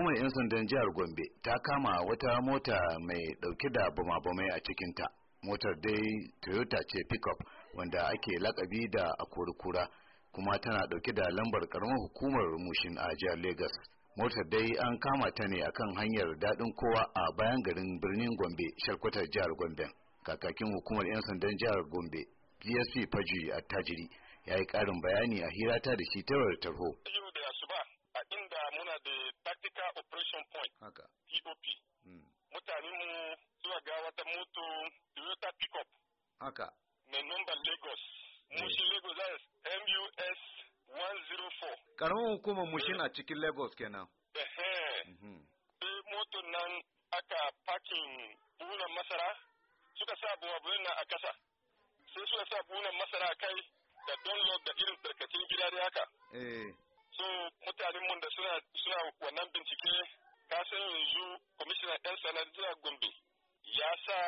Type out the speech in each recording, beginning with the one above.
hukumar 'yan sandan jihar gombe ta kama wata mota mai dauke da bama-bamai a cikinta motar dai toyota ce pickup wanda ake lakabi da akurikura kuma tana dauke da lambar karamar hukumar mushin a jihar lagos motar dai an kama ta ne akan hanyar daɗin kowa a bayan garin birnin gombe sharkwatar jihar gombe kakakin hukumar 'yan sandan jihar gombe dsp faji Tajiri ya yi ƙarin bayani a hirata da shi ta tarho muna da tactical operation point haka pop hmm. Mutane mu zuwa ga wata moto toyota pickup haka mai number lagos eh. mushin lagos as mus 104 karamin hukumar mushin a cikin lagos kenan mhm. sai moto nan aka parking bunan masara suka sa buwabuwan nan a kasa sai suka sa bunan masara kai da donlop da irin tarkacin gida dai haka eh. so mutanen mun da suna suna wannan bincike ka san yanzu kwamishinan yan sanar jihar gombe ya sa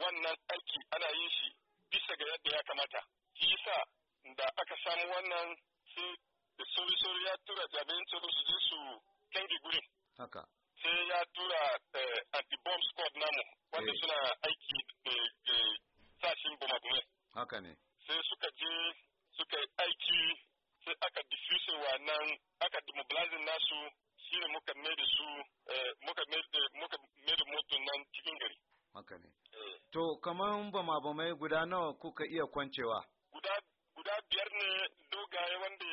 wannan aiki ana yin shi bisa ga yadda ya kamata shi yasa da aka samu wannan sai da sauri ya tura jamiin tsaro su je su kange gurin haka sai ya tura eh, anti-bomb squad namu wanda eh. suna aiki eh, sashin bomb haka ne sai suka je suka aiki sai aka wa nan aka demobilizing nasu shine muka mai su eh, muka mai da nan cikin gari haka ne eh. to kaman bama bamai guda nawa kuka iya kwancewa guda guda biyar ne dogaye wanda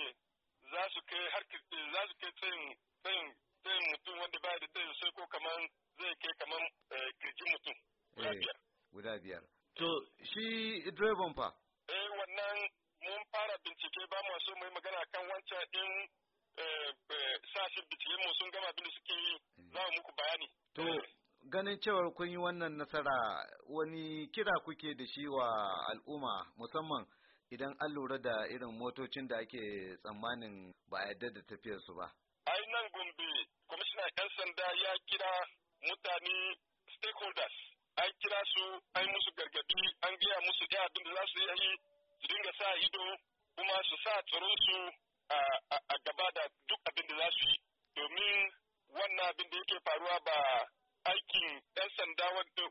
za su kai har eh, za su kai tsayin tsayin tsayin mutum wanda ba da tsayin sai ko kaman zai kai kaman kirji mutum guda biyar guda biyar to shi direban fa bincike ba mu so mu yi magana kan wancan din eh, eh, sashen binciken mu sun gama abin da suke yi mm. za mu muku bayani. To ganin cewar kun yi wannan nasara wani kira kuke da shi wa al'umma musamman idan an lura da irin motocin da ake tsammanin ba a yarda da tafiyarsu ba. Ai nan Gombe, kwamishina 'yan sanda ya kira mutane stakeholders, an kira su, ai musu gargadi, an gaya musu ɗaya abin da za su yi, su dinga sa ido, kuma su sa tsaronsu a gaba da duk abin da za su yi domin wannan abin da yake faruwa ba aikin 'yan sanda wanda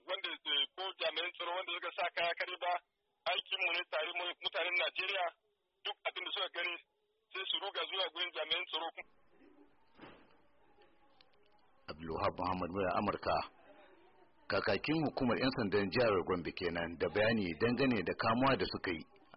eh, ko jami'an tsaro wanda suka sa kaya kare ba aikin mu ne tare mutanen Najeriya duk abin da suka gani sai su ruga zuwa gurin jami'an tsaro. Abdulwahab Muhammad mai Amurka kakakin hukumar 'yan sandan jihar Gombe kenan da bayani dangane da kamuwa da suka yi.